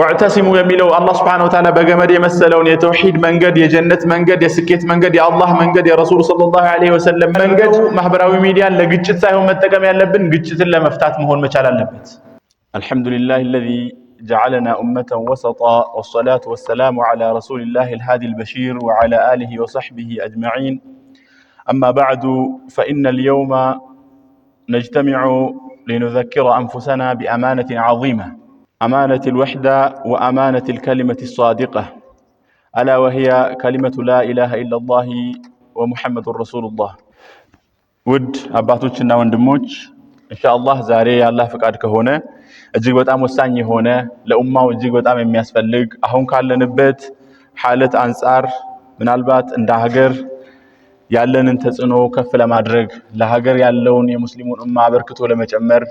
واعتسموا የሚለው አላህ Subhanahu Wa Ta'ala በገመድ የመሰለውን የተውሂድ መንገድ፣ የጀነት መንገድ፣ የስኬት መንገድ፣ የአላህ መንገድ፣ የረሱል ሰለላሁ ዐለይሂ ወሰለም መንገድ። ማህበራዊ ሚዲያን ለግጭት ሳይሆን መጠቀም ያለብን ግጭትን ለመፍታት መሆን መቻል አለበት። አልሐምዱሊላህ الذي جعلنا أمة وسطا والصلاة والسلام على رسول الله الهادي البشير وعلى آله وصحبه أجمعين أما بعد فإن اليوم نجتمع لنذكر أنفسنا بأمانة عظيمة امانه الوحده وامانه الكلمه الصادقه الا وهي كلمه لا اله الا الله ومحمد رسول الله ውድ አባቶችና ወንድሞች ኢንሻአላህ ዛሬ የአላህ ፈቃድ ከሆነ እጅግ በጣም ወሳኝ የሆነ ለኡማው እጅግ በጣም የሚያስፈልግ አሁን ካለንበት ሐለት አንጻር ምናልባት እንደ ሀገር ያለንን ተጽዕኖ ከፍ ለማድረግ ለሀገር ያለውን የሙስሊሙን እማ አበርክቶ ለመጨመር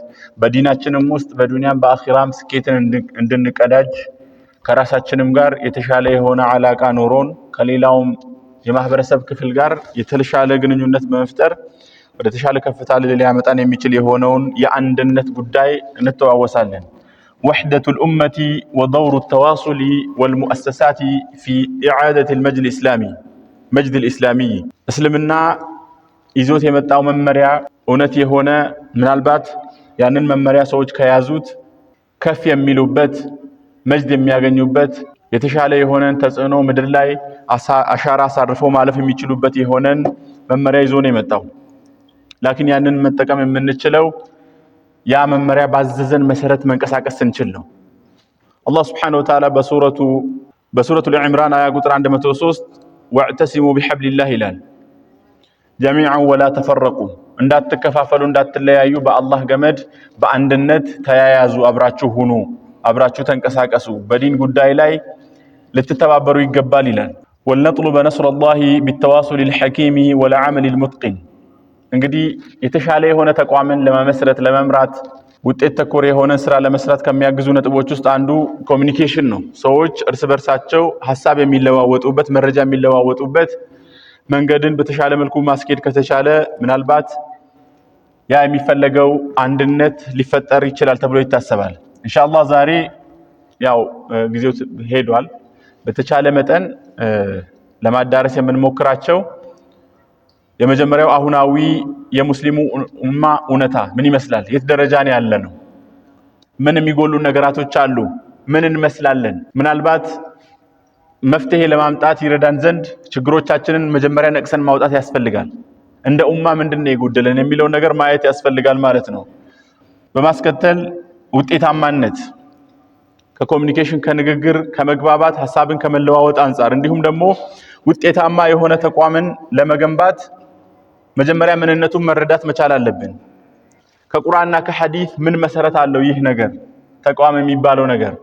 በዲናችንም ውስጥ በዱንያም በአኺራም ስኬትን እንድንቀዳጅ ከራሳችንም ጋር የተሻለ የሆነ አላቃ ኖሮን ከሌላውም የማህበረሰብ ክፍል ጋር የተሻለ ግንኙነት በመፍጠር ወደ ተሻለ ከፍታ ሊያመጣን የሚችል የሆነውን የአንድነት ጉዳይ እንተዋወሳለን። ወሕደቱ ልኡመቲ ወደውሩ ተዋሱሊ ወልሙአሰሳቲ ፊ ኢዓደት ልመጅል ኢስላሚ መጅድ ልኢስላሚ እስልምና ይዞት የመጣው መመሪያ እውነት የሆነ ምናልባት ያንን መመሪያ ሰዎች ከያዙት ከፍ የሚሉበት መጅድ የሚያገኙበት የተሻለ የሆነን ተጽዕኖ ምድር ላይ አሻራ አሳርፈው ማለፍ የሚችሉበት የሆነን መመሪያ ይዞ ነው የመጣው። ላኪን ያንን መጠቀም የምንችለው ያ መመሪያ ባዘዘን መሰረት መንቀሳቀስ ስንችል ነው። አላህ ስብሓነሁ ወተዓላ በሱረቱ በሱረቱ ል አያ ቁጥር 103 ወዕተሲሙ ቢሐብሊላህ ይላል። ጀሚዓን ወላ ተፈረቁ፣ እንዳትከፋፈሉ እንዳትለያዩ፣ በአላህ ገመድ በአንድነት ተያያዙ፣ አብራችሁ ሁኑ፣ አብራችሁ ተንቀሳቀሱ፣ በዲን ጉዳይ ላይ ልትተባበሩ ይገባል ይላል። ወልነጥሉበ ነስረላሂ ቢተዋሱል ልሐኪሚ ወለዓመል ልሙትቂን። እንግዲህ የተሻለ የሆነ ተቋምን ለመመስረት ለመምራት ውጤት ተኮር የሆነ ስራ ለመስራት ከሚያግዙ ነጥቦች ውስጥ አንዱ ኮሚኒኬሽን ነው። ሰዎች እርስ በርሳቸው ሀሳብ የሚለዋወጡበት መረጃ የሚለዋወጡበት መንገድን በተሻለ መልኩ ማስኬድ ከተቻለ ምናልባት ያ የሚፈለገው አንድነት ሊፈጠር ይችላል ተብሎ ይታሰባል። እንሻላ ዛሬ ያው ጊዜው ሄዷል። በተቻለ መጠን ለማዳረስ የምንሞክራቸው የመጀመሪያው አሁናዊ የሙስሊሙ ኡማ እውነታ ምን ይመስላል? የት ደረጃ ነው ያለ ነው? ምን የሚጎሉ ነገራቶች አሉ? ምን እንመስላለን? ምናልባት መፍትሄ ለማምጣት ይረዳን ዘንድ ችግሮቻችንን መጀመሪያ ነቅሰን ማውጣት ያስፈልጋል። እንደ ኡማ ምንድን ነው የጎደለን የሚለው ነገር ማየት ያስፈልጋል ማለት ነው። በማስከተል ውጤታማነት ከኮሚኒኬሽን ከንግግር፣ ከመግባባት፣ ሀሳብን ከመለዋወጥ አንጻር እንዲሁም ደግሞ ውጤታማ የሆነ ተቋምን ለመገንባት መጀመሪያ ምንነቱን መረዳት መቻል አለብን። ከቁርአንና ከሐዲስ ምን መሰረት አለው ይህ ነገር ተቋም የሚባለው ነገር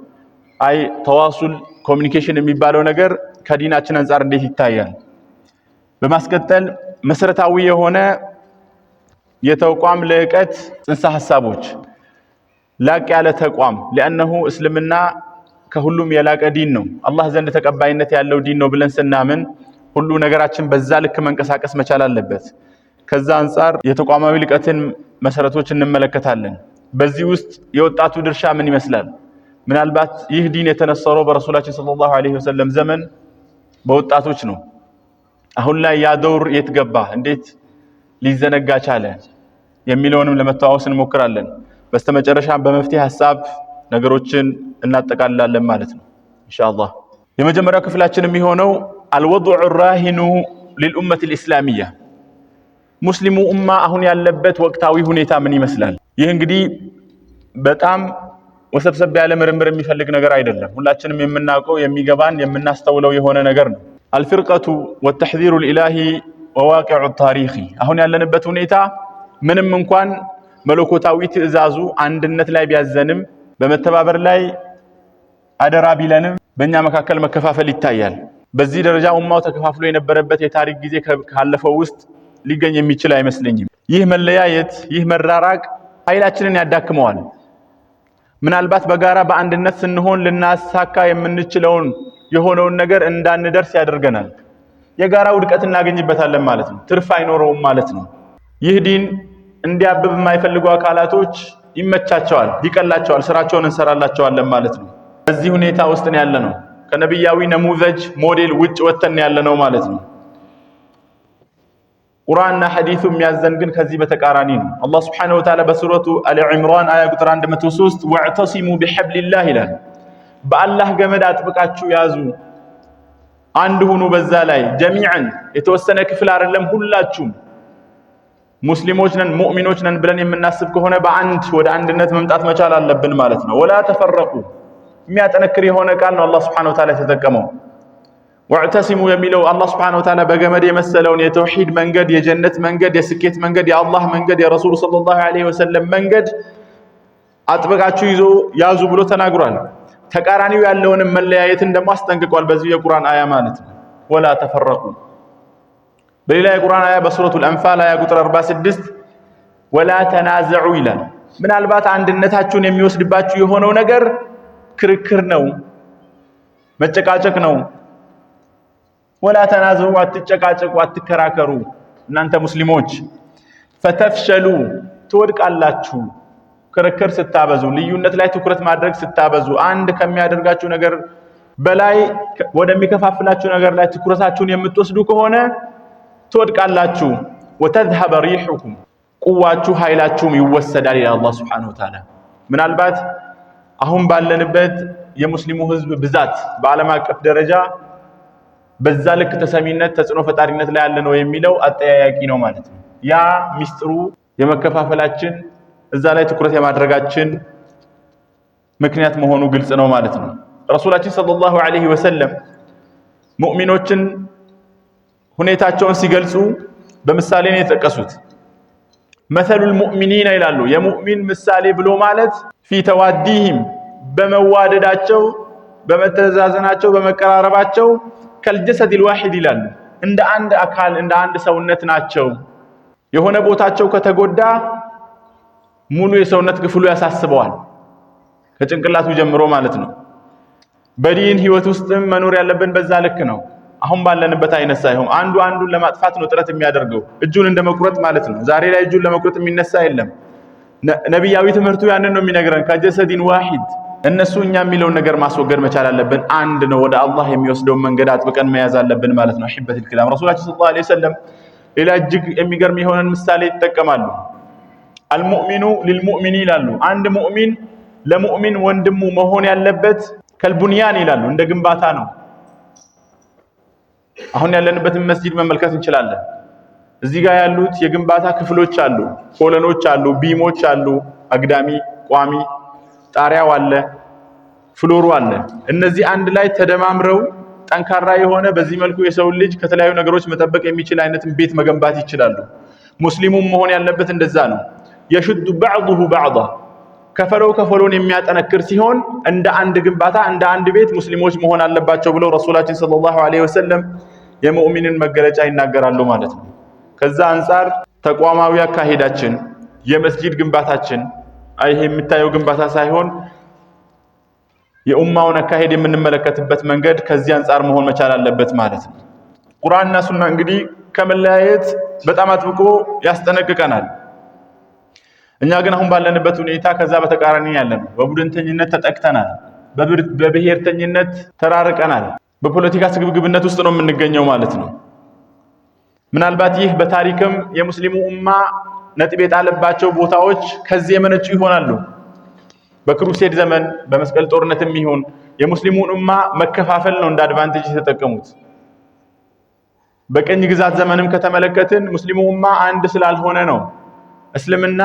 አይ ተዋሱል ኮሚኒኬሽን የሚባለው ነገር ከዲናችን አንጻር እንዴት ይታያል? በማስቀጠል መሰረታዊ የሆነ የተቋም ልዕቀት ጽንሰ ሐሳቦች ላቅ ያለ ተቋም ለአነሁ እስልምና ከሁሉም የላቀ ዲን ነው፣ አላህ ዘንድ ተቀባይነት ያለው ዲን ነው ብለን ስናምን ሁሉ ነገራችን በዛ ልክ መንቀሳቀስ መቻል አለበት። ከዛ አንጻር የተቋማዊ ልቀትን መሰረቶች እንመለከታለን። በዚህ ውስጥ የወጣቱ ድርሻ ምን ይመስላል? ምናልባት ይህ ዲን የተነሰረው በረሱላችን ሰለላሁ ዐለይሂ ወሰለም ዘመን በወጣቶች ነው። አሁን ላይ ያ ደውር የት ገባ? እንዴት ሊዘነጋ ቻለ? የሚለውንም ለመተዋወስ እንሞክራለን። በስተመጨረሻ በመፍትሄ ሀሳብ ነገሮችን እናጠቃልላለን ማለት ነው ኢንሻአላህ። የመጀመሪያው ክፍላችን የሚሆነው አልወድዑ ራሂኑ ሊልኡመት ልእስላሚያ ሙስሊሙ ኡማ አሁን ያለበት ወቅታዊ ሁኔታ ምን ይመስላል? ይህ እንግዲህ በጣም ወሰብሰብ ያለ ምርምር የሚፈልግ ነገር አይደለም። ሁላችንም የምናውቀው የሚገባን የምናስተውለው የሆነ ነገር ነው። አልፊርቀቱ ወተሕዚሩ ልኢላሂ ወዋቂዑ ታሪኺ አሁን ያለንበት ሁኔታ ምንም እንኳን መለኮታዊ ትዕዛዙ አንድነት ላይ ቢያዘንም በመተባበር ላይ አደራ ቢለንም በእኛ መካከል መከፋፈል ይታያል። በዚህ ደረጃ ኡማው ተከፋፍሎ የነበረበት የታሪክ ጊዜ ካለፈው ውስጥ ሊገኝ የሚችል አይመስለኝም። ይህ መለያየት፣ ይህ መራራቅ ኃይላችንን ያዳክመዋል። ምናልባት በጋራ በአንድነት ስንሆን ልናሳካ የምንችለውን የሆነውን ነገር እንዳንደርስ ያደርገናል። የጋራ ውድቀት እናገኝበታለን ማለት ነው። ትርፍ አይኖረውም ማለት ነው። ይህ ዲን እንዲያብብ የማይፈልጉ አካላቶች ይመቻቸዋል፣ ይቀላቸዋል፣ ስራቸውን እንሰራላቸዋለን ማለት ነው። በዚህ ሁኔታ ውስጥ ያለ ነው። ከነቢያዊ ነሙዘጅ ሞዴል ውጭ ወጥተን ያለ ነው ማለት ነው። ቁርአንና ሐዲሱ የሚያዘን ግን ከዚህ በተቃራኒ ነው። አላህ Subhanahu Wa Ta'ala በሱረቱ አሊ ዒምራን አያ ቁጥር 103 ወዕተሲሙ ቢሐብሊላህ ይላል። በአላህ ገመድ አጥብቃችሁ ያዙ፣ አንድ ሁኑ። በዛ ላይ ጀሚዓን የተወሰነ ክፍል አይደለም፣ ሁላችሁም ሙስሊሞች ነን ሙእሚኖች ነን ብለን የምናስብ ከሆነ በአንድ ወደ አንድነት መምጣት መቻል አለብን ማለት ነው። ወላ ተፈረቁ የሚያጠነክር የሆነ ቃል ነው አላህ Subhanahu Wa የተጠቀመው ሙዕተሲሙ የሚለው አላህ ስብሐነሁ ወተዓላ በገመድ የመሰለውን የተውሂድ መንገድ፣ የጀነት መንገድ፣ የስኬት መንገድ፣ የአላህ መንገድ፣ የረሱሉ ሰለላሁ ዐለይሂ ወሰለም መንገድ አጥብቃችሁ ይዞ ያዙ ብሎ ተናግሯል። ተቃራኒው ያለውንም መለያየትን ደግሞ አስጠንቅቋል በዚህ የቁርአን አያ ማለት ነው። ወላ ተፈረቁ በሌላ የቁርአን አያ በሱረቱ አንፋል አያ ቁጥር 46 ወላ ተናዘዑ ይላል። ምናልባት አንድነታችሁን የሚወስድባችሁ የሆነው ነገር ክርክር ነው፣ መጨቃጨቅ ነው ወላ ተናዘቡ፣ አትጨቃጨቁ፣ አትከራከሩ እናንተ ሙስሊሞች ፈተፍሸሉ፣ ትወድቃላችሁ። ክርክር ስታበዙ፣ ልዩነት ላይ ትኩረት ማድረግ ስታበዙ፣ አንድ ከሚያደርጋችሁ ነገር በላይ ወደሚከፋፍላችሁ ነገር ላይ ትኩረታችሁን የምትወስዱ ከሆነ ትወድቃላችሁ። ወተዝሀበ ሪሑኩም፣ ቁዋችሁ ኃይላችሁም ይወሰዳል ይላል አላህ ሱብሓነሁ ወተዓላ። ምናልባት አሁን ባለንበት የሙስሊሙ ህዝብ ብዛት በዓለም አቀፍ ደረጃ በዛ ልክ ተሰሚነት ተጽዕኖ ፈጣሪነት ላይ ያለ ነው የሚለው አጠያያቂ ነው ማለት ነው። ያ ሚስጥሩ የመከፋፈላችን እዛ ላይ ትኩረት የማድረጋችን ምክንያት መሆኑ ግልጽ ነው ማለት ነው። ረሱላችን ሰለላሁ ዐለይሂ ወሰለም ሙእሚኖችን ሁኔታቸውን ሲገልጹ በምሳሌ ነው የጠቀሱት። መሰሉል ሙእሚኒና ይላሉ። የሙእሚን ምሳሌ ብሎ ማለት ፊ ተዋዲህም በመዋደዳቸው፣ በመተዛዘናቸው፣ በመቀራረባቸው ከልጀሰድ ዋሂድ ይላሉ። እንደ አንድ አካል እንደ አንድ ሰውነት ናቸው። የሆነ ቦታቸው ከተጎዳ ሙሉ የሰውነት ክፍሉ ያሳስበዋል፣ ከጭንቅላቱ ጀምሮ ማለት ነው። በዲን ህይወት ውስጥም መኖር ያለብን በዛ ልክ ነው። አሁን ባለንበት አይነት ሳይሆን አንዱ አንዱን ለማጥፋት ነው ጥረት የሚያደርገው እጁን እንደ መቁረጥ ማለት ነው። ዛሬ ላይ እጁን ለመቁረጥ የሚነሳ የለም። ነቢያዊ ትምህርቱ ያንን ነው የሚነግረን ከጀሰዲን ዋሂድ እነሱ እኛ የሚለውን ነገር ማስወገድ መቻል አለብን። አንድ ነው ወደ አላህ የሚወስደውን መንገድ አጥብቀን መያዝ አለብን ማለት ነው። ሒበቱል ከላም ረሱላችን ሰለላሁ ዐለይሂ ወሰለም ሌላ እጅግ የሚገርም የሆነን ምሳሌ ይጠቀማሉ። አልሙእሚኑ ሊልሙእሚን ይላሉ። አንድ ሙእሚን ለሙእሚን ወንድሙ መሆን ያለበት ከልቡንያን ይላሉ፣ እንደ ግንባታ ነው። አሁን ያለንበትን መስጂድ መመልከት እንችላለን። እዚህ ጋር ያሉት የግንባታ ክፍሎች አሉ፣ ኮለኖች አሉ፣ ቢሞች አሉ፣ አግዳሚ፣ ቋሚ ጣሪያው አለ፣ ፍሎሩ አለ። እነዚህ አንድ ላይ ተደማምረው ጠንካራ የሆነ በዚህ መልኩ የሰውን ልጅ ከተለያዩ ነገሮች መጠበቅ የሚችል አይነትን ቤት መገንባት ይችላሉ። ሙስሊሙም መሆን ያለበት እንደዛ ነው። የሽዱ ባዕሁ ባዕዳ ከፈለው ከፈሎን የሚያጠነክር ሲሆን እንደ አንድ ግንባታ እንደ አንድ ቤት ሙስሊሞች መሆን አለባቸው ብለው ረሱላችን ሰለላሁ ዐለይሂ ወሰለም የሙእሚንን መገለጫ ይናገራሉ ማለት ነው። ከዛ አንጻር ተቋማዊ አካሄዳችን፣ የመስጂድ ግንባታችን ይሄ የሚታየው ግንባታ ሳይሆን የኡማውን አካሄድ የምንመለከትበት መንገድ ከዚህ አንጻር መሆን መቻል አለበት ማለት ነው። ቁርአንና ሱና እንግዲህ ከመለያየት በጣም አጥብቆ ያስጠነቅቀናል። እኛ ግን አሁን ባለንበት ሁኔታ ከዛ በተቃራኒ ያለን በቡድንተኝነት ተጠቅተናል። በብሔርተኝነት ተራርቀናል። በፖለቲካ ስግብግብነት ውስጥ ነው የምንገኘው ማለት ነው። ምናልባት ይህ በታሪክም የሙስሊሙ ኡማ ነጥብ የጣለባቸው ቦታዎች ከዚህ የመነጩ ይሆናሉ። በክሩሴድ ዘመን በመስቀል ጦርነትም ይሁን የሙስሊሙን ኡማ መከፋፈል ነው እንደ አድቫንቴጅ የተጠቀሙት። በቀኝ ግዛት ዘመንም ከተመለከትን ሙስሊሙ ኡማ አንድ ስላልሆነ ነው። እስልምና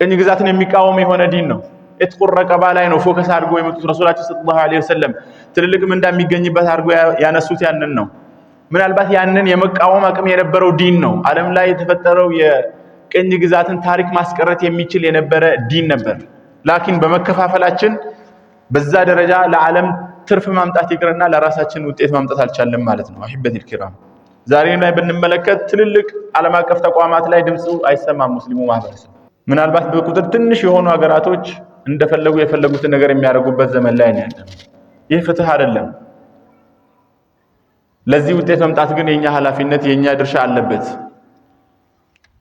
ቀኝ ግዛትን የሚቃወም የሆነ ዲን ነው። ኢትቁ ረቀባ ላይ ነው ፎከስ አድርጎ የመጡት ረሱላችን ሰለላሁ ዐለይሂ ወሰለም ትልልቅ ምንዳ የሚገኝበት አድርጎ ያነሱት ያንን ነው። ምናልባት ያንን የመቃወም አቅም የነበረው ዲን ነው። ዓለም ላይ የተፈጠረው የቅኝ ግዛትን ታሪክ ማስቀረት የሚችል የነበረ ዲን ነበር። ላኪን በመከፋፈላችን በዛ ደረጃ ለዓለም ትርፍ ማምጣት ይቅርና ለራሳችን ውጤት ማምጣት አልቻለም ማለት ነው። አሂበቲል ልኪራም ዛሬ ላይ ብንመለከት ትልልቅ ዓለም አቀፍ ተቋማት ላይ ድምፁ አይሰማም ሙስሊሙ ማህበረሰብ። ምናልባት በቁጥር ትንሽ የሆኑ ሀገራቶች እንደፈለጉ የፈለጉትን ነገር የሚያደርጉበት ዘመን ላይ ነው ያለ። ይህ ፍትህ አይደለም። ለዚህ ውጤት መምጣት ግን የኛ ኃላፊነት የኛ ድርሻ አለበት።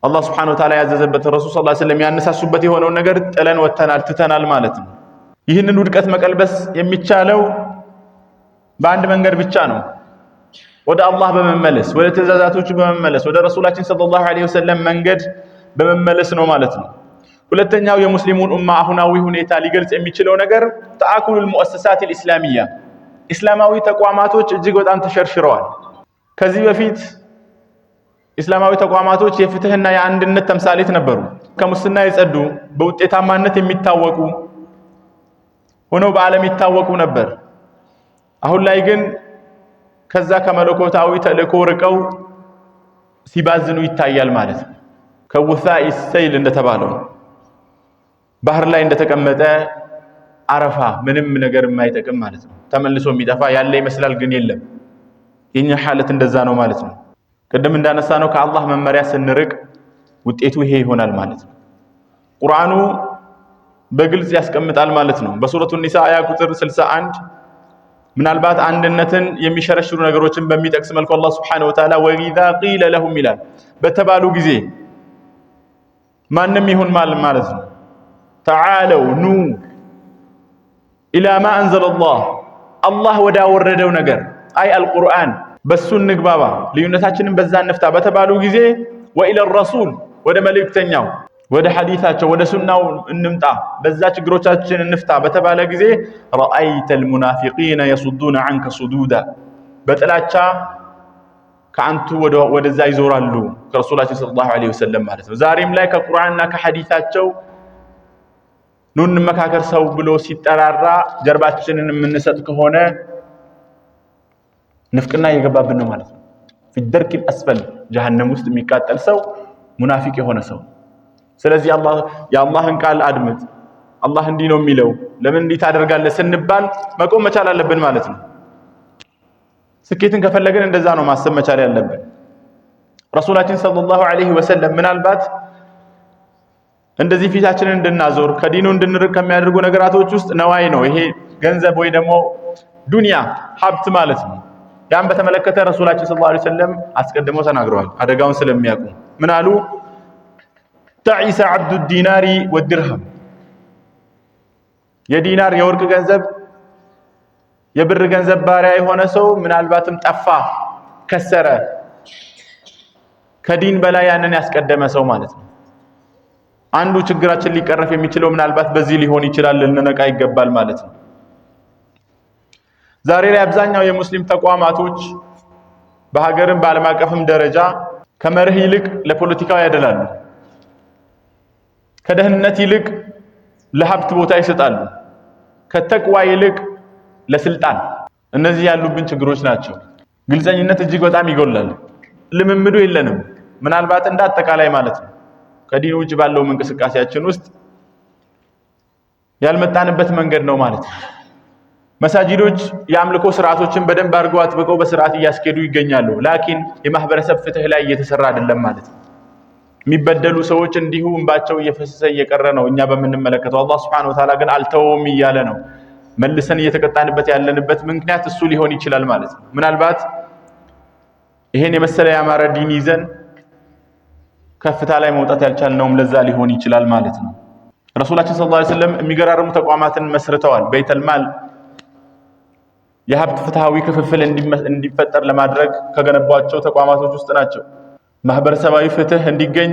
አላህ ስብሐነሁ ወተዓላ ያዘዘበትን ረሱል ሰለላሁ ዐለይሂ ወሰለም ያነሳሱበት የሆነውን ነገር ጥለን ወተናል ትተናል ማለት ነው። ይህንን ውድቀት መቀልበስ የሚቻለው በአንድ መንገድ ብቻ ነው፣ ወደ አላህ በመመለስ ወደ ትእዛዛቶቹ በመመለስ ወደ ረሱላችን ሰለላሁ ዐለይሂ ወሰለም መንገድ በመመለስ ነው ማለት ነው። ሁለተኛው የሙስሊሙን ኡማ አሁናዊ ሁኔታ ሊገልጽ የሚችለው ነገር ተአኩሉል ሙአሰሳት ኢስላሚያ ። ኢስላማዊ ተቋማቶች እጅግ በጣም ተሸርሽረዋል። ከዚህ በፊት ኢስላማዊ ተቋማቶች የፍትህና የአንድነት ተምሳሌት ነበሩ። ከሙስና የጸዱ በውጤታማነት የሚታወቁ ሆነው በዓለም ይታወቁ ነበር። አሁን ላይ ግን ከዛ ከመለኮታዊ ተልእኮ ርቀው ሲባዝኑ ይታያል ማለት ነው። ከውሳኢ ሰይል እንደተባለው ባህር ላይ እንደተቀመጠ አረፋ ምንም ነገር የማይጠቅም ማለት ነው። ተመልሶ የሚጠፋ ያለ ይመስላል ግን የለም። የኛ ሐለት እንደዛ ነው ማለት ነው። ቅድም እንዳነሳ ነው ከአላህ መመሪያ ስንርቅ ውጤቱ ይሄ ይሆናል ማለት ነው። ቁርአኑ በግልጽ ያስቀምጣል ማለት ነው። በሱረቱ ኒሳ አያ ቁጥር 61 ምናልባት አንድነትን የሚሸረሽሩ ነገሮችን በሚጠቅስ መልኩ አላህ Subhanahu Wa Ta'ala ወኢዛ ቂለ ለሁም ይላል በተባሉ ጊዜ ማንም ይሁን ማለት ነው ተዓለው ኑ ኢላ ማ አንዘለላህ አላህ ወዳወረደው ነገር አይ አልቁርአን በሱ እንግባባ፣ ልዩነታችንን በዛ እንፍታ በተባሉ ጊዜ ወኢለ ረሱል ወደ መልእክተኛው ወደ ሐዲታቸው ወደ ሱናው እንምጣ፣ በዛ ችግሮቻችን እንፍታ በተባለ ጊዜ ረአይተል ሙናፊቂነ የሱዱነ አንከ ሱዱዳ በጥላቻ ከአንቱ ወደዛ ይዞራሉ። ከረሱላችን ሰለላሁ ዐለይሂ ወሰለም ማለት ነው። ዛሬም ላይ ከቁርአንና ከሐዲታቸው ኑ እንመካከር ሰው ብሎ ሲጠራራ ጀርባችንን የምንሰጥ ከሆነ ንፍቅና እየገባብን ነው ማለት ነው። ፊደርክ አስፈል ጀሀነም ውስጥ የሚቃጠል ሰው ሙናፊቅ የሆነ ሰው። ስለዚህ የአላህን ቃል አድምጥ። አላህ እንዲህ ነው የሚለው ለምን እንዲህ ታደርጋለህ ስንባል መቆም መቻል አለብን ማለት ነው። ስኬትን ከፈለግን እንደዛ ነው ማሰብ መቻል ያለብን። ረሱላችን ሰለላሁ ዐለይሂ ወሰለም ምናልባት እንደዚህ ፊታችንን እንድናዞር ከዲኑ እንድንርቅ ከሚያደርጉ ነገራቶች ውስጥ ነዋይ ነው። ይሄ ገንዘብ ወይ ደግሞ ዱንያ ሀብት ማለት ነው። ያን በተመለከተ ረሱላችን ሰለላሁ ዐለይሂ ወሰለም አስቀድመው ተናግረዋል፣ አደጋውን ስለሚያውቁ ምን አሉ? ተዒሰ አብዱ ዲናሪ ወድርሃም፣ የዲናር የወርቅ ገንዘብ የብር ገንዘብ ባሪያ የሆነ ሰው ምናልባትም ጠፋ፣ ከሰረ፣ ከዲን በላይ ያንን ያስቀደመ ሰው ማለት ነው። አንዱ ችግራችን ሊቀረፍ የሚችለው ምናልባት በዚህ ሊሆን ይችላል፣ ልንነቃ ይገባል ማለት ነው። ዛሬ ላይ አብዛኛው የሙስሊም ተቋማቶች በሀገርም በዓለም አቀፍም ደረጃ ከመርህ ይልቅ ለፖለቲካው ያደላሉ። ከደህንነት ይልቅ ለሀብት ቦታ ይሰጣሉ። ከተቅዋ ይልቅ ለስልጣን። እነዚህ ያሉብን ችግሮች ናቸው። ግልፀኝነት እጅግ በጣም ይጎላል። ልምምዱ የለንም፣ ምናልባት እንደ አጠቃላይ ማለት ነው። ከዲን ውጭ ባለውም እንቅስቃሴያችን ውስጥ ያልመጣንበት መንገድ ነው ማለት ነው። መሳጅዶች የአምልኮ ስርዓቶችን በደንብ አድርገው አጥብቀው በስርዓት እያስኬዱ ይገኛሉ። ላኪን የማህበረሰብ ፍትህ ላይ እየተሰራ አይደለም ማለት ነው። የሚበደሉ ሰዎች እንዲሁ እንባቸው እየፈሰሰ እየቀረ ነው። እኛ በምንመለከተው አላህ ሱብሓነሁ ወተዓላ ግን አልተውም እያለ ነው። መልሰን እየተቀጣንበት ያለንበት ምክንያት እሱ ሊሆን ይችላል ማለት ነው። ምናልባት ይሄን የመሰለ ያማረ ዲን ይዘን ከፍታ ላይ መውጣት ያልቻልነውም ለዛ ሊሆን ይችላል ማለት ነው። ረሱላችን ሰለላሁ ዐለይሂ ወሰለም የሚገራርሙ ተቋማትን መስርተዋል። ማል የሀብት ፍትሃዊ ክፍፍል እንዲፈጠር ለማድረግ ከገነቧቸው ተቋማቶች ውስጥ ናቸው። ማህበረሰባዊ ፍትህ እንዲገኝ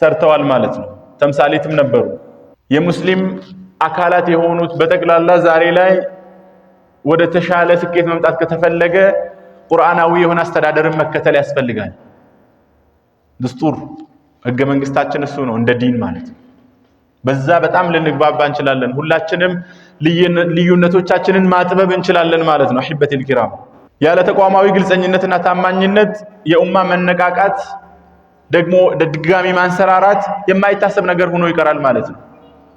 ሰርተዋል ማለት ነው። ተምሳሌትም ነበሩ። የሙስሊም አካላት የሆኑት በጠቅላላ ዛሬ ላይ ወደ ተሻለ ስኬት መምጣት ከተፈለገ ቁርአናዊ የሆነ አስተዳደርን መከተል ያስፈልጋል። ድስጡር ህገ መንግስታችን እሱ ነው እንደ ዲን ማለት ነው። በዛ በጣም ልንግባባ እንችላለን። ሁላችንም ልዩነቶቻችንን ማጥበብ እንችላለን ማለት ነው። አሂበቲል ኪራም ያለ ተቋማዊ ግልጸኝነትና ታማኝነት የኡማ መነቃቃት ደግሞ ድጋሚ ማንሰራራት የማይታሰብ ነገር ሆኖ ይቀራል ማለት ነው።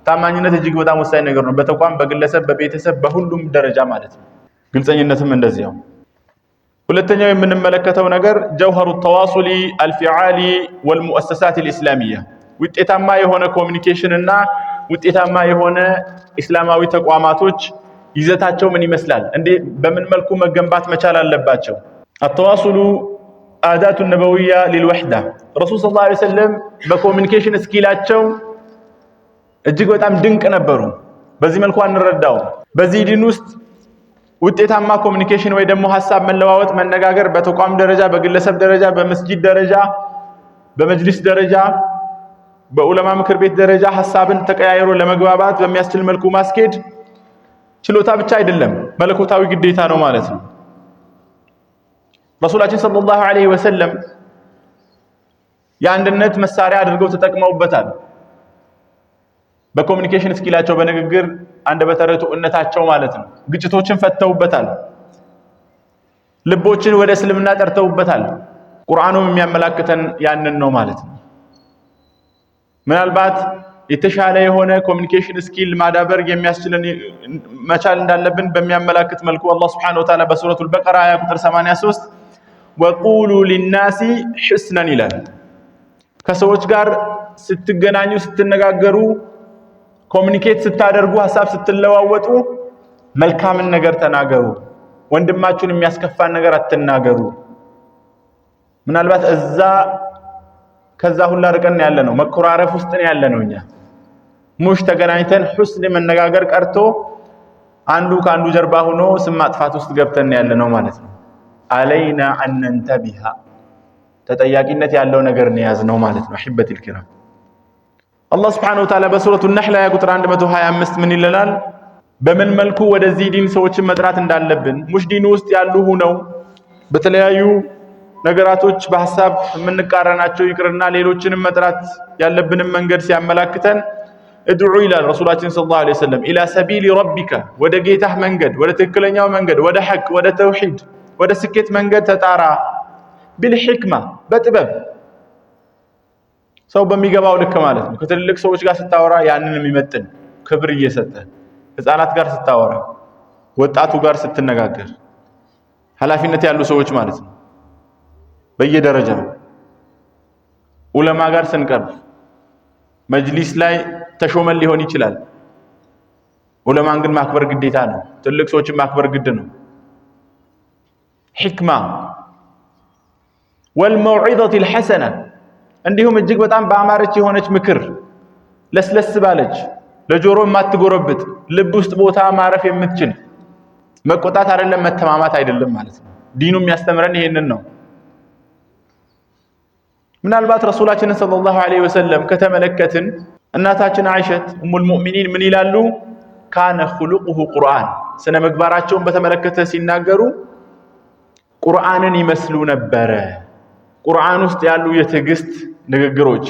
ታማኝነት እጅግ በጣም ወሳኝ ነገር ነው። በተቋም፣ በግለሰብ፣ በቤተሰብ፣ በሁሉም ደረጃ ማለት ነው። ግልጸኝነትም እንደዚያው ሁለተኛው የምንመለከተው ነገር ጀውሀሩ ተዋሱሊ አልፊዓሊ ወልሙአሰሳት ልእስላሚያ ውጤታማ የሆነ ኮሚኒኬሽን እና ውጤታማ የሆነ እስላማዊ ተቋማቶች ይዘታቸው ምን ይመስላል? እንዴ በምን መልኩ መገንባት መቻል አለባቸው? አተዋሱሉ አዳቱ ነበዊያ ሊልወሕዳ ረሱል ሰለላሁ ዐለይሂ ወሰለም በኮሚኒኬሽን እስኪላቸው እጅግ በጣም ድንቅ ነበሩ። በዚህ መልኩ አንረዳው በዚህ ዲን ውስጥ ውጤታማ ኮሚኒኬሽን ወይ ደግሞ ሀሳብ መለዋወጥ፣ መነጋገር በተቋም ደረጃ፣ በግለሰብ ደረጃ፣ በመስጂድ ደረጃ፣ በመጅሊስ ደረጃ፣ በዑለማ ምክር ቤት ደረጃ ሀሳብን ተቀያይሮ ለመግባባት በሚያስችል መልኩ ማስኬድ ችሎታ ብቻ አይደለም፣ መለኮታዊ ግዴታ ነው ማለት ነው። ረሱላችን ሰለላሁ ዐለይሂ ወሰለም የአንድነት መሳሪያ አድርገው ተጠቅመውበታል። በኮሚኒኬሽን እስኪላቸው በንግግር አንደበተ እነታቸው ማለት ነው። ግጭቶችን ፈተውበታል። ልቦችን ወደ እስልምና ጠርተውበታል። ቁርአኑም የሚያመላክተን ያንን ነው ማለት ነው። ምናልባት የተሻለ የሆነ ኮሚኒኬሽን ስኪል ማዳበር የሚያስችልን መቻል እንዳለብን በሚያመላክት መልኩ አላህ Subhanahu Wa Ta'ala በሱረቱል በቀራ አያ ቁጥር 83 ወቁሉ ሊናሲ ሕስነን ይላል። ከሰዎች ጋር ስትገናኙ ስትነጋገሩ ኮሚኒኬት ስታደርጉ፣ ሀሳብ ስትለዋወጡ መልካምን ነገር ተናገሩ። ወንድማችሁን የሚያስከፋን ነገር አትናገሩ። ምናልባት እዛ ከዛ ሁላ ርቀን ያለ ነው፣ መኮራረፍ ውስጥ ያለ ነው። እኛ ሙሽ ተገናኝተን ሁስን መነጋገር ቀርቶ አንዱ ከአንዱ ጀርባ ሆኖ ስም ማጥፋት ውስጥ ገብተን ያለ ነው ማለት ነው። አለይና ቢሃ ተጠያቂነት ያለው ነገር ነው ነው ማለት ነው። ሂበቲል ኪራም አላህ ስብሓነሁ ወተዓላ በሱረቱ ነህል አያ ቁጥር 125 ምን ይለናል? በምን መልኩ ወደዚህ ዲን ሰዎችን መጥራት እንዳለብን ሙሽ ዲን ውስጥ ያሉ ሁነው በተለያዩ ነገራቶች በሀሳብ የምንቃረናቸው ይቅርና ሌሎችንም መጥራት ያለብንን መንገድ ሲያመላክተን እድዑ ይላል ረሱላችን ሰለላሁ ዐለይሂ ወሰለም ኢላ ሰቢሊ ረቢከ፣ ወደ ጌታህ መንገድ፣ ወደ ትክክለኛው መንገድ፣ ወደ ሐቅ፣ ወደ ተውሂድ፣ ወደ ስኬት መንገድ ተጣራ ቢልሕክማ በጥበብ ሰው በሚገባው ልክ ማለት ነው። ከትልልቅ ሰዎች ጋር ስታወራ ያንን የሚመጥን ክብር እየሰጠ ህፃናት ጋር ስታወራ፣ ወጣቱ ጋር ስትነጋገር፣ ኃላፊነት ያሉ ሰዎች ማለት ነው በየደረጃው ኡለማ ጋር ስንቀርብ መጅሊስ ላይ ተሾመን ሊሆን ይችላል። ዑለማን ግን ማክበር ግዴታ ነው። ትልቅ ሰዎችን ማክበር ግድ ነው። ሕክማ ወልመውዒዘት ልሐሰና እንዲሁም እጅግ በጣም በአማረች የሆነች ምክር ለስለስ ባለች ለጆሮ የማትጎረብጥ ልብ ውስጥ ቦታ ማረፍ የምትችል መቆጣት አይደለም መተማማት አይደለም ማለት ነው። ዲኑ የሚያስተምረን ይሄንን ነው። ምናልባት ረሱላችንን ሰለላሁ ዐለይሂ ወሰለም ከተመለከትን እናታችን አይሸት ኡሙል ሙእሚኒን ምን ይላሉ? ካነ ኹሉቁሁ ቁርአን፣ ስነ ምግባራቸውን በተመለከተ ሲናገሩ ቁርአንን ይመስሉ ነበረ። ቁርአን ውስጥ ያሉ የትዕግስት ንግግሮች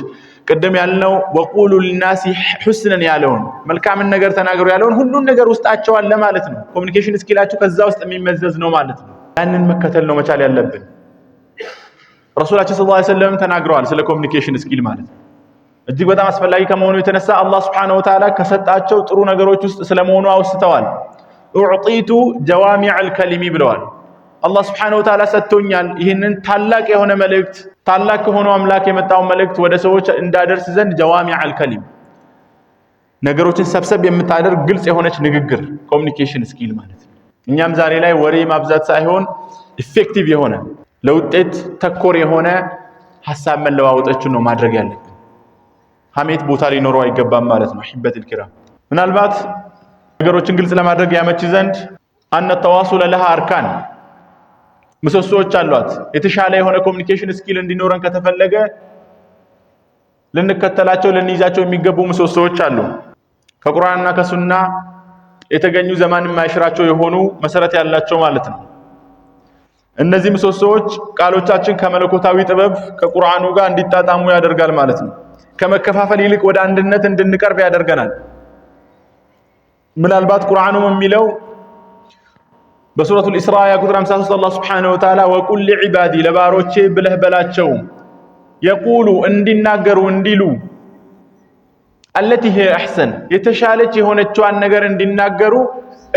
ቅድም ያልነው ወቁሉ ሊናሲ ሑስነን ያለውን መልካምን ነገር ተናግሮ ያለውን ሁሉን ነገር ውስጣቸው አለ ማለት ነው። ኮሚኒኬሽን እስኪላቸው ከዛ ውስጥ የሚመዘዝ ነው ማለት ነው። ያንን መከተል ነው መቻል ያለብን። ረሱላችን ሰለላሁ ዐለይሂ ወሰለም ተናግረዋል ስለ ኮሚኒኬሽን እስኪል ማለት ነው። እጅግ በጣም አስፈላጊ ከመሆኑ የተነሳ አላህ ሱብሓነሁ ወተዓላ ከሰጣቸው ጥሩ ነገሮች ውስጥ ስለመሆኑ አውስተዋል። ኡዕጢቱ ጀዋሚዐል ከሊሚ ብለዋል። አላህ ስብሐነሁ ወተዓላ ሰጥቶኛል። ይህንን ታላቅ የሆነ መልእክት ታላቅ ከሆነው አምላክ የመጣውን መልእክት ወደ ሰዎች እንዳደርስ ዘንድ ጀዋሚዕ አልከሊም ነገሮችን ሰብሰብ የምታደርግ ግልጽ የሆነች ንግግር ኮሚኒኬሽን ስኪል ማለት ነው። እኛም ዛሬ ላይ ወሬ ማብዛት ሳይሆን ኢፌክቲቭ የሆነ ለውጤት ተኮር የሆነ ሀሳብ መለዋወጦችን ነው ማድረግ ያለብን። ሀሜት ቦታ ሊኖረው አይገባም ማለት ነው። ሒበት ልኪራም ምናልባት ነገሮችን ግልጽ ለማድረግ ያመች ዘንድ አነ ተዋሱለ ለሃ አርካን ምሰሶዎች አሏት። የተሻለ የሆነ ኮሚኒኬሽን ስኪል እንዲኖረን ከተፈለገ ልንከተላቸው ልንይዛቸው የሚገቡ ምሰሶዎች አሉ። ከቁርአንና ከሱና የተገኙ ዘመን የማይሽራቸው የሆኑ መሰረት ያላቸው ማለት ነው። እነዚህ ምሰሶዎች ቃሎቻችን ከመለኮታዊ ጥበብ ከቁርአኑ ጋር እንዲጣጣሙ ያደርጋል ማለት ነው። ከመከፋፈል ይልቅ ወደ አንድነት እንድንቀርብ ያደርገናል። ምናልባት ቁርአኑም የሚለው በሱረቱል ኢስራ አያ ቁጥር 53 አላህ ሱብሓነሁ ወተዓላ ወቁል ሊዕባዲ ለባሮቼ ብለህ በላቸው የቁሉ እንዲናገሩ እንዲሉ አለቲ ሂየ አሕሰን የተሻለች የሆነችዋን ነገር እንዲናገሩ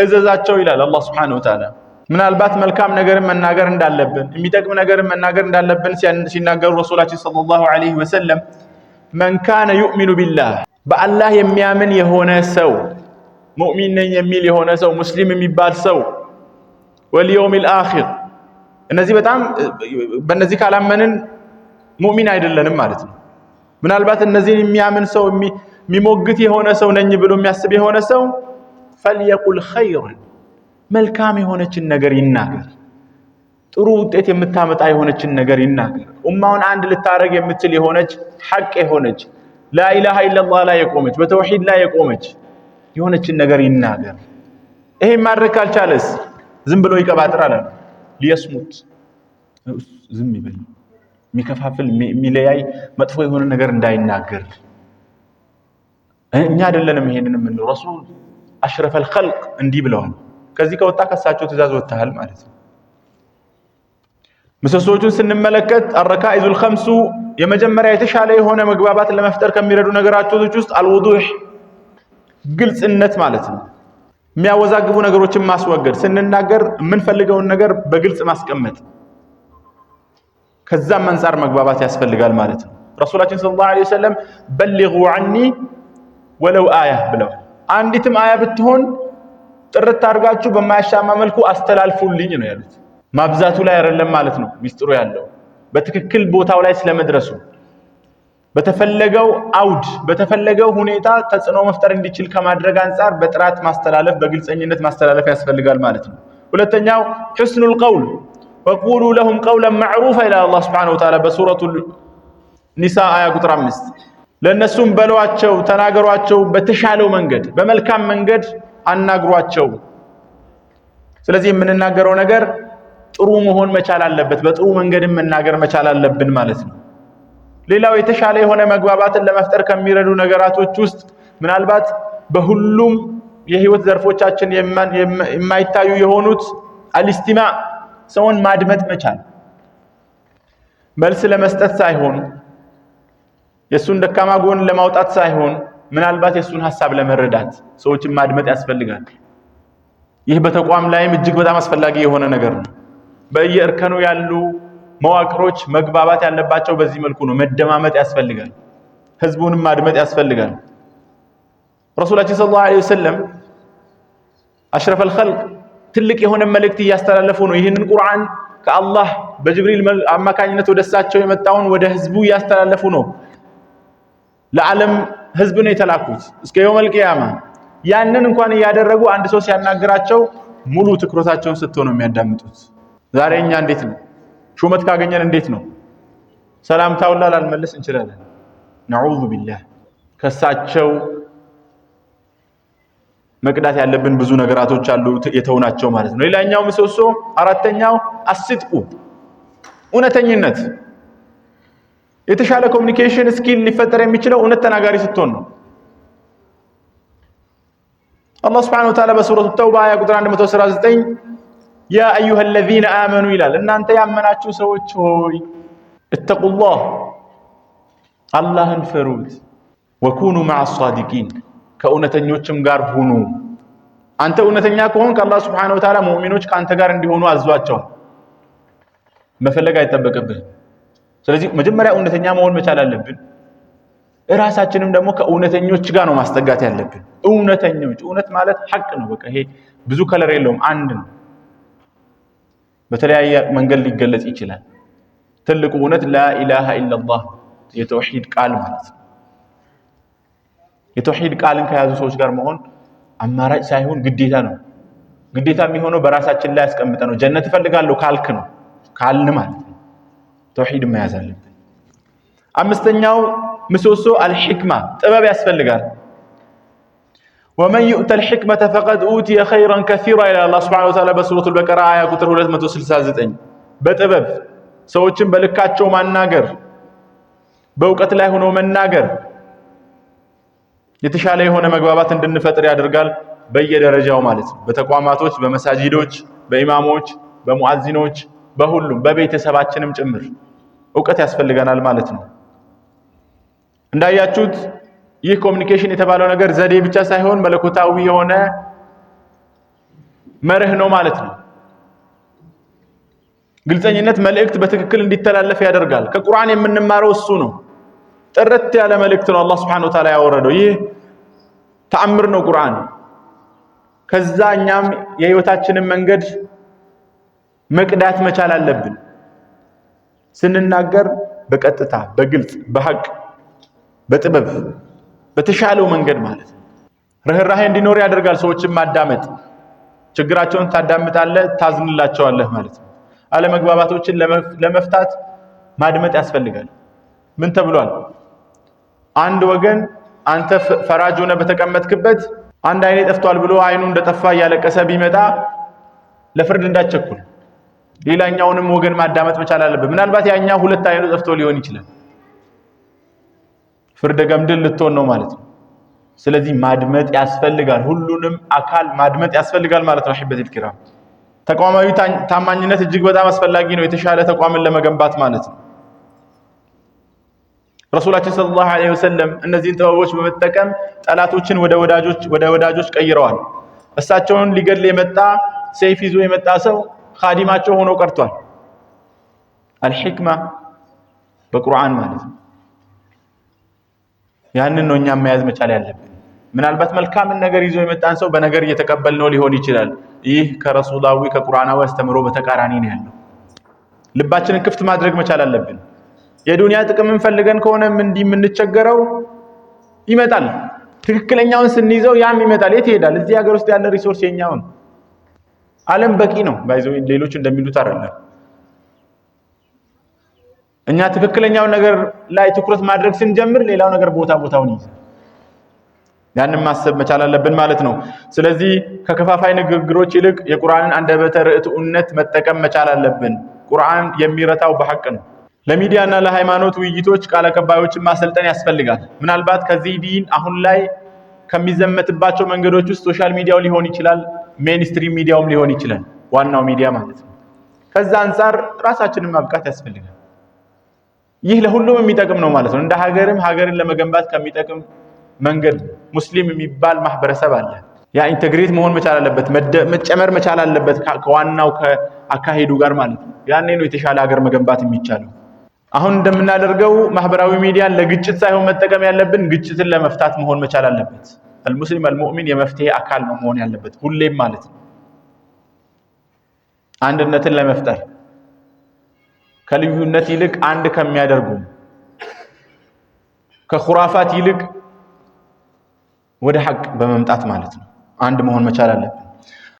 እዘዛቸው ይላል አላህ ሱብሓነሁ ወተዓላ። ምናልባት መልካም ነገርን መናገር እንዳለብን የሚጠቅም ነገርን መናገር እንዳለብን ሲናገሩ ረሱላችን ሰለላሁ ዐለይሂ ወሰለም መን ካነ ዩእሚኑ ቢላህ በአላህ የሚያምን የሆነ ሰው ሙእሚን ነኝ የሚል የሆነ ሰው ሙስሊም የሚባል ሰው ወልየውሚል አኺር እነዚህ በጣም በእነዚህ ካላመንን ሙእሚን አይደለንም ማለት ነው። ምናልባት እነዚህን የሚያምን ሰው የሚሞግት የሆነ ሰው ነኝ ብሎ የሚያስብ የሆነ ሰው ፈልየቁል ኸይረን መልካም የሆነችን ነገር ይናገር። ጥሩ ውጤት የምታመጣ የሆነችን ነገር ይናገር። ኡማውን አንድ ልታረግ የምትል የሆነች ሐቅ የሆነች ላኢላሃ ኢለላህ ላይ የቆመች በተውሂድ ላይ የቆመች የሆነችን ነገር ይናገር። ይሄን ማድረግ ካልቻለስ ዝም ብሎ ይቀባጥር አለ ሊየስሙት ዝም ይበል የሚከፋፍል የሚለያይ መጥፎ የሆነ ነገር እንዳይናገር እኛ አይደለንም ይሄንን የምንለው ረሱል አሽረፈል ኸልቅ እንዲህ ብለዋል ከዚህ ከወጣ ከሳቸው ትእዛዝ ወጥተሃል ማለት ነው ምሰሶቹን ስንመለከት አረካኢዙል ኸምሱ የመጀመሪያ የተሻለ የሆነ መግባባት ለመፍጠር ከሚረዱ ነገራቶች ውስጥ አልውዱህ ግልጽነት ማለት ነው የሚያወዛግቡ ነገሮችን ማስወገድ፣ ስንናገር የምንፈልገውን ነገር በግልጽ ማስቀመጥ፣ ከዛም አንጻር መግባባት ያስፈልጋል ማለት ነው። ረሱላችን ሰለላሁ ዐለይሂ ወሰለም በሊጉ ዐኒ ወለው አያ ብለዋል። አንዲትም አያ ብትሆን ጥርት አድርጋችሁ በማያሻማ መልኩ አስተላልፉልኝ ነው ያሉት። ማብዛቱ ላይ አይደለም ማለት ነው ሚስጥሩ ያለው በትክክል ቦታው ላይ ስለመድረሱ በተፈለገው አውድ በተፈለገው ሁኔታ ተጽዕኖ መፍጠር እንዲችል ከማድረግ አንጻር በጥራት ማስተላለፍ፣ በግልጸኝነት ማስተላለፍ ያስፈልጋል ማለት ነው። ሁለተኛው ሕስኑል ቀውል ወቁሉ ለሁም ቀውለን ማዕሩፋ ይላል አላህ ሱብሓነሁ ወተዓላ በሱረቱ ኒሳ አያ ቁጥር አምስት ለእነሱም በሏቸው፣ ተናገሯቸው፣ በተሻለው መንገድ በመልካም መንገድ አናግሯቸው። ስለዚህ የምንናገረው ነገር ጥሩ መሆን መቻል አለበት። በጥሩ መንገድ መናገር መቻል አለብን ማለት ነው። ሌላው የተሻለ የሆነ መግባባትን ለመፍጠር ከሚረዱ ነገራቶች ውስጥ ምናልባት በሁሉም የህይወት ዘርፎቻችን የማይታዩ የሆኑት አልስቲማ ሰውን ማድመጥ መቻል መልስ ለመስጠት ሳይሆን የእሱን ደካማ ጎን ለማውጣት ሳይሆን ምናልባት የእሱን ሀሳብ ለመረዳት ሰዎችን ማድመጥ ያስፈልጋል። ይህ በተቋም ላይም እጅግ በጣም አስፈላጊ የሆነ ነገር ነው። በየእርከኑ ያሉ መዋቅሮች መግባባት ያለባቸው በዚህ መልኩ ነው። መደማመጥ ያስፈልጋል። ህዝቡንም ማድመጥ ያስፈልጋል። ረሱላችን ሰለላሁ ዐለይሂ ወሰለም አሽረፈል ኸልቅ ትልቅ የሆነ መልእክት እያስተላለፉ ነው። ይህንን ቁርአን ከአላህ በጅብሪል አማካኝነት ወደ እሳቸው የመጣውን ወደ ህዝቡ እያስተላለፉ ነው። ለዓለም ህዝብ ነው የተላኩት እስከ የውመል ቂያማ። ያንን እንኳን እያደረጉ አንድ ሰው ሲያናግራቸው ሙሉ ትኩረታቸውን ሰጥተው ነው የሚያዳምጡት። ዛሬ እኛ እንዴት ነው? ሹመት ካገኘን እንዴት ነው ሰላምታውን ላልመልስ እንችላለን። ነዑዙ ቢላህ ከሳቸው መቅዳት ያለብን ብዙ ነገራቶች አሉ የተውናቸው ማለት ነው። ሌላኛው ምሰሶ አራተኛው አስጥቁ እውነተኝነት። የተሻለ ኮሚኒኬሽን ስኪል ሊፈጠር የሚችለው እውነት ተናጋሪ ስትሆን ነው። አላህ ሱብሓነሁ ወተዓላ በሱረቱ ተውባ ቁጥር 119 ያ አዩሃ ለዚነ አመኑ ይላል። እናንተ ያመናችሁ ሰዎች ሆይ እተቁላህ አላህን ፈሩት። ወኩኑ መዐ አሳዲቂን ከእውነተኞችም ጋር ሁኑ። አንተ እውነተኛ ከሆንክ አላህ ስብሓነሁ ወተዓላ ሙእሚኖች ከአንተ ጋር እንዲሆኑ አዟቸዋል። መፈለግ አይጠበቅብን። ስለዚህ መጀመሪያ እውነተኛ መሆን መቻል አለብን። እራሳችንም ደግሞ ከእውነተኞች ጋር ነው ማስጠጋት ያለብን። እውነተኞች እውነት ማለት ሐቅ ነው። በቃ ይሄ ብዙ ከለር የለውም፣ አንድ ነው። በተለያየ መንገድ ሊገለጽ ይችላል። ትልቁ እውነት ላኢላሃ ኢለላህ የተውሂድ ቃል ማለት ነው። የተውሂድ ቃልን ከያዙ ሰዎች ጋር መሆን አማራጭ ሳይሆን ግዴታ ነው። ግዴታ የሚሆነው በራሳችን ላይ ያስቀምጠ ነው። ጀነት እፈልጋለሁ ካልክ ነው ካልን ማለት ነው። ተውሂድ መያዝ አለብን። አምስተኛው ምሰሶ አልሕክማ ጥበብ ያስፈልጋል። ወመን ዩእተል ሕክመተ ፈቀድ ኡትየ ኸይረን ከሲራ ይላል አላህ ሱብሓነሁ ወተዓላ በሱረቱል በቀራ አያ ቁጥር 269 በጥበብ ሰዎችን በልካቸው ማናገር በእውቀት ላይ ሆኖ መናገር የተሻለ የሆነ መግባባት እንድንፈጥር ያደርጋል። በየደረጃው ማለት ነው። በተቋማቶች፣ በመሳጂዶች፣ በኢማሞች፣ በሙዓዚኖች፣ በሁሉም በቤተሰባችንም ጭምር እውቀት ያስፈልገናል ማለት ነው። እንዳያችሁት ይህ ኮሚኒኬሽን የተባለው ነገር ዘዴ ብቻ ሳይሆን መለኮታዊ የሆነ መርህ ነው ማለት ነው። ግልፀኝነት መልእክት በትክክል እንዲተላለፍ ያደርጋል። ከቁርአን የምንማረው እሱ ነው። ጥርት ያለ መልእክት ነው አላህ Subhanahu Wa Ta'ala ያወረደው። ይህ ተአምር ነው ቁርአን። ከዛ እኛም የህይወታችንን መንገድ መቅዳት መቻል አለብን። ስንናገር በቀጥታ፣ በግልጽ፣ በሐቅ፣ በጥበብ በተሻለው መንገድ ማለት ነው። ርኅራሄ እንዲኖር ያደርጋል። ሰዎችን ማዳመጥ፣ ችግራቸውን ታዳምጣለህ፣ ታዝንላቸዋለህ ማለት ነው። አለመግባባቶችን ለመፍታት ማድመጥ ያስፈልጋል። ምን ተብሏል? አንድ ወገን አንተ ፈራጅ ሆነ በተቀመጥክበት አንድ አይኔ ጠፍቷል ብሎ አይኑ እንደጠፋ እያለቀሰ ቢመጣ ለፍርድ እንዳትቸኩል፣ ሌላኛውንም ወገን ማዳመጥ መቻል አለበት። ምናልባት ያኛ ሁለት አይኑ ጠፍቶ ሊሆን ይችላል። ፍርደ ገምድል ልትሆን ነው ማለት ነው። ስለዚህ ማድመጥ ያስፈልጋል። ሁሉንም አካል ማድመጥ ያስፈልጋል ማለት ነው። ሂበቱል ኪራም ተቋማዊ ታማኝነት እጅግ በጣም አስፈላጊ ነው፣ የተሻለ ተቋምን ለመገንባት ማለት ነው። ረሱላችን ሰለላሁ ዐለይሂ ወሰለም እነዚህን ጥበቦች በመጠቀም ጠላቶችን ወደ ወዳጆች ወደ ወዳጆች ቀይረዋል። እሳቸውን ሊገድል የመጣ ሰይፍ ይዞ የመጣ ሰው ኻዲማቸው ሆኖ ቀርቷል። አልሂክማ በቁርአን ማለት ነው። ያንን ነው እኛ መያዝ መቻል ያለብን። ምናልባት መልካምን ነገር ይዞ የመጣን ሰው በነገር እየተቀበልነው ሊሆን ይችላል። ይህ ከረሱላዊ ከቁርአናዊ አስተምሮ በተቃራኒ ነው ያለው። ልባችንን ክፍት ማድረግ መቻል አለብን። የዱንያ ጥቅምን ፈልገን ከሆነ እንዲህ የምንቸገረው ይመጣል። ትክክለኛውን ስንይዘው ያም ይመጣል። የት ይሄዳል? እዚህ ሀገር ውስጥ ያለ ሪሶርስ የኛውን ዓለም በቂ ነው ባይዘው ሌሎች እንደሚሉት አይደለም። እኛ ትክክለኛው ነገር ላይ ትኩረት ማድረግ ስንጀምር ሌላው ነገር ቦታ ቦታውን ይይዛል። ያንን ማሰብ መቻል አለብን ማለት ነው። ስለዚህ ከከፋፋይ ንግግሮች ይልቅ የቁርአንን አንደበተ ርቱዕነት መጠቀም መቻል አለብን። ቁርአን የሚረታው በሐቅ ነው። ለሚዲያና ለሃይማኖት ውይይቶች ቃል አቀባዮችን ማሰልጠን ያስፈልጋል። ምናልባት ከዚህ ዲን አሁን ላይ ከሚዘመትባቸው መንገዶች ውስጥ ሶሻል ሚዲያው ሊሆን ይችላል፣ ሜንስትሪም ሚዲያውም ሊሆን ይችላል፣ ዋናው ሚዲያ ማለት ነው። ከዛ አንጻር ራሳችንን ማብቃት ያስፈልጋል። ይህ ለሁሉም የሚጠቅም ነው ማለት ነው። እንደ ሀገርም ሀገርን ለመገንባት ከሚጠቅም መንገድ ሙስሊም የሚባል ማህበረሰብ አለ። ያ ኢንቴግሬት መሆን መቻል አለበት፣ መጨመር መቻል አለበት ከዋናው ከአካሄዱ ጋር ማለት ነው። ያኔ ነው የተሻለ ሀገር መገንባት የሚቻለው። አሁን እንደምናደርገው ማህበራዊ ሚዲያን ለግጭት ሳይሆን መጠቀም ያለብን ግጭትን ለመፍታት መሆን መቻል አለበት። አልሙስሊም አልሙእሚን የመፍትሄ አካል ነው መሆን ያለበት ሁሌም ማለት ነው አንድነትን ለመፍጠር ከልዩነት ይልቅ አንድ ከሚያደርጉ ከኹራፋት ይልቅ ወደ ሐቅ በመምጣት ማለት ነው አንድ መሆን መቻል አለብን።